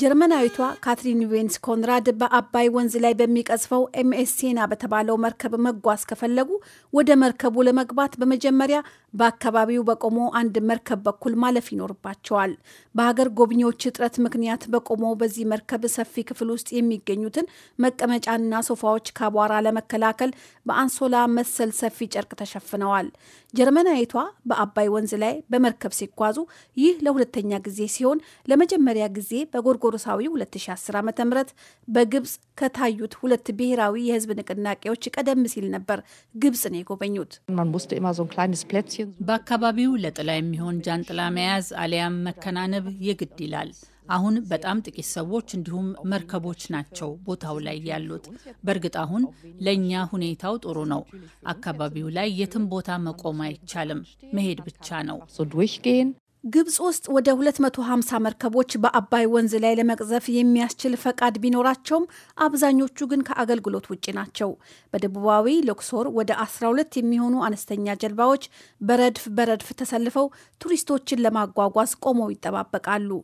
ጀርመናዊቷ ካትሪን ቬንስ ኮንራድ በአባይ ወንዝ ላይ በሚቀዝፈው ኤምኤስ ሴና በተባለው መርከብ መጓዝ ከፈለጉ ወደ መርከቡ ለመግባት በመጀመሪያ በአካባቢው በቆሞ አንድ መርከብ በኩል ማለፍ ይኖርባቸዋል። በሀገር ጎብኚዎች እጥረት ምክንያት በቆመው በዚህ መርከብ ሰፊ ክፍል ውስጥ የሚገኙትን መቀመጫና ሶፋዎች ከአቧራ ለመከላከል በአንሶላ መሰል ሰፊ ጨርቅ ተሸፍነዋል። ጀርመናዊቷ በአባይ ወንዝ ላይ በመርከብ ሲጓዙ ይህ ለሁለተኛ ጊዜ ሲሆን ለመጀመሪያ ጊዜ በጎር በጎርጎሮሳዊ 2010 ዓ ም በግብፅ ከታዩት ሁለት ብሔራዊ የህዝብ ንቅናቄዎች ቀደም ሲል ነበር ግብፅን የጎበኙት። በአካባቢው ለጥላ የሚሆን ጃንጥላ መያዝ አሊያም መከናነብ የግድ ይላል። አሁን በጣም ጥቂት ሰዎች እንዲሁም መርከቦች ናቸው ቦታው ላይ ያሉት። በእርግጥ አሁን ለእኛ ሁኔታው ጥሩ ነው። አካባቢው ላይ የትም ቦታ መቆም አይቻልም፣ መሄድ ብቻ ነው። ግብጽ ውስጥ ወደ 250 መርከቦች በአባይ ወንዝ ላይ ለመቅዘፍ የሚያስችል ፈቃድ ቢኖራቸውም አብዛኞቹ ግን ከአገልግሎት ውጭ ናቸው። በደቡባዊ ሎክሶር ወደ 12 የሚሆኑ አነስተኛ ጀልባዎች በረድፍ በረድፍ ተሰልፈው ቱሪስቶችን ለማጓጓዝ ቆመው ይጠባበቃሉ።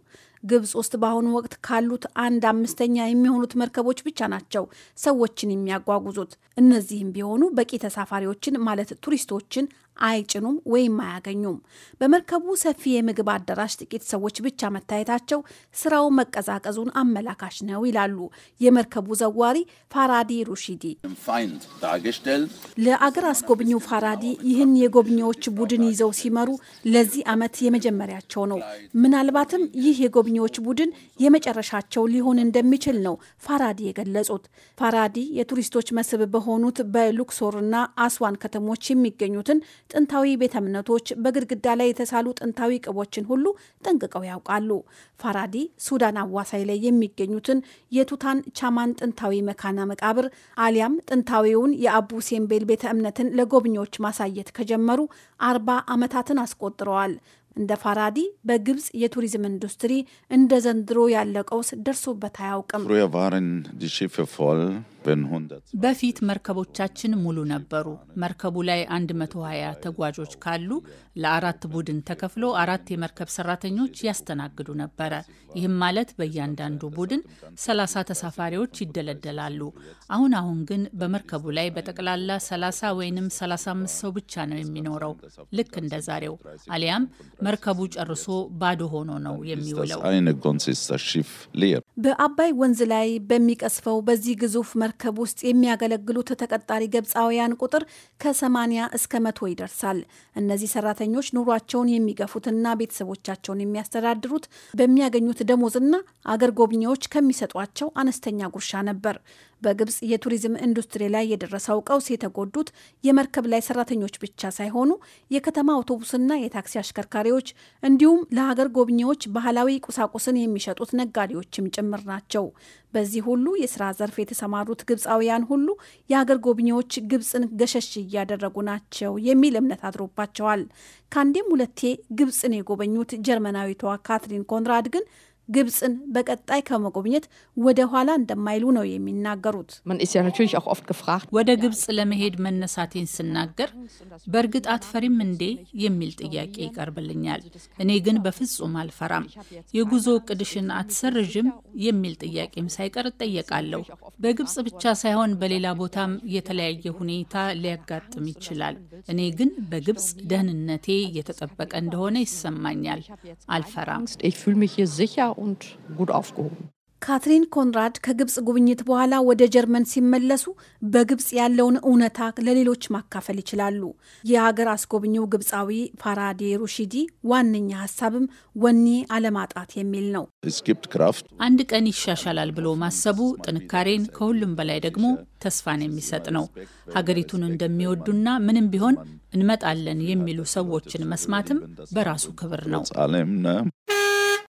ግብጽ ውስጥ በአሁኑ ወቅት ካሉት አንድ አምስተኛ የሚሆኑት መርከቦች ብቻ ናቸው ሰዎችን የሚያጓጉዙት። እነዚህም ቢሆኑ በቂ ተሳፋሪዎችን ማለት ቱሪስቶችን አይጭኑም ወይም አያገኙም። በመርከቡ ሰፊ የምግብ አዳራሽ ጥቂት ሰዎች ብቻ መታየታቸው ስራው መቀዛቀዙን አመላካሽ ነው ይላሉ የመርከቡ ዘዋሪ ፋራዲ ሩሺዲ። ለአገር አስጎብኚው ፋራዲ ይህን የጎብኚዎች ቡድን ይዘው ሲመሩ ለዚህ ዓመት የመጀመሪያቸው ነው። ምናልባትም ይህ የጎብኚ የስደተኞች ቡድን የመጨረሻቸው ሊሆን እንደሚችል ነው ፋራዲ የገለጹት። ፋራዲ የቱሪስቶች መስህብ በሆኑት በሉክሶርና አስዋን ከተሞች የሚገኙትን ጥንታዊ ቤተ እምነቶች፣ በግድግዳ ላይ የተሳሉ ጥንታዊ ቅቦችን ሁሉ ጠንቅቀው ያውቃሉ። ፋራዲ ሱዳን አዋሳይ ላይ የሚገኙትን የቱታን ቻማን ጥንታዊ መካና መቃብር አሊያም ጥንታዊውን የአቡ ሴምቤል ቤተ እምነትን ለጎብኚዎች ማሳየት ከጀመሩ አርባ ዓመታትን አስቆጥረዋል። እንደ ፋራዲ በግብፅ የቱሪዝም ኢንዱስትሪ እንደ ዘንድሮ ያለ ቀውስ ደርሶበት አያውቅም። በፊት መርከቦቻችን ሙሉ ነበሩ። መርከቡ ላይ 120 ተጓዦች ካሉ ለአራት ቡድን ተከፍሎ አራት የመርከብ ሰራተኞች ያስተናግዱ ነበረ። ይህም ማለት በእያንዳንዱ ቡድን 30 ተሳፋሪዎች ይደለደላሉ። አሁን አሁን ግን በመርከቡ ላይ በጠቅላላ 30 ወይም 35 ሰው ብቻ ነው የሚኖረው ልክ እንደ ዛሬው አሊያም መርከቡ ጨርሶ ባዶ ሆኖ ነው የሚውለው። በአባይ ወንዝ ላይ በሚቀስፈው በዚህ ግዙፍ መርከብ ውስጥ የሚያገለግሉት ተቀጣሪ ግብፃውያን ቁጥር ከ80 እስከ መቶ ይደርሳል። እነዚህ ሰራተኞች ኑሯቸውን የሚገፉትና ቤተሰቦቻቸውን የሚያስተዳድሩት በሚያገኙት ደሞዝና አገር ጎብኚዎች ከሚሰጧቸው አነስተኛ ጉርሻ ነበር። በግብጽ የቱሪዝም ኢንዱስትሪ ላይ የደረሰው ቀውስ የተጎዱት የመርከብ ላይ ሰራተኞች ብቻ ሳይሆኑ የከተማ አውቶቡስና የታክሲ አሽከርካሪዎች እንዲሁም ለሀገር ጎብኚዎች ባህላዊ ቁሳቁስን የሚሸጡት ነጋዴዎችም ጭምር ናቸው። በዚህ ሁሉ የስራ ዘርፍ የተሰማሩት ግብፃውያን ሁሉ የሀገር ጎብኚዎች ግብፅን ገሸሽ እያደረጉ ናቸው የሚል እምነት አድሮባቸዋል። ከአንዴም ሁለቴ ግብፅን የጎበኙት ጀርመናዊቷ ካትሪን ኮንራድ ግን ግብፅን በቀጣይ ከመጎብኘት ወደ ኋላ እንደማይሉ ነው የሚናገሩት። ወደ ግብፅ ለመሄድ መነሳቴን ስናገር በእርግጥ አትፈሪም እንዴ የሚል ጥያቄ ይቀርብልኛል። እኔ ግን በፍጹም አልፈራም። የጉዞ እቅድሽን አትሰርዥም የሚል ጥያቄም ሳይቀር እጠየቃለሁ። በግብጽ ብቻ ሳይሆን በሌላ ቦታም የተለያየ ሁኔታ ሊያጋጥም ይችላል። እኔ ግን በግብጽ ደህንነቴ የተጠበቀ እንደሆነ ይሰማኛል። አልፈራም። ካትሪን ኮንራድ ከግብፅ ጉብኝት በኋላ ወደ ጀርመን ሲመለሱ በግብፅ ያለውን እውነታ ለሌሎች ማካፈል ይችላሉ። የሀገር አስጎብኚው ግብፃዊ ፋራዴ ሩሺዲ ዋነኛ ሀሳብም ወኔ አለማጣት የሚል ነው። አንድ ቀን ይሻሻላል ብሎ ማሰቡ ጥንካሬን፣ ከሁሉም በላይ ደግሞ ተስፋን የሚሰጥ ነው። ሀገሪቱን እንደሚወዱና ምንም ቢሆን እንመጣለን የሚሉ ሰዎችን መስማትም በራሱ ክብር ነው።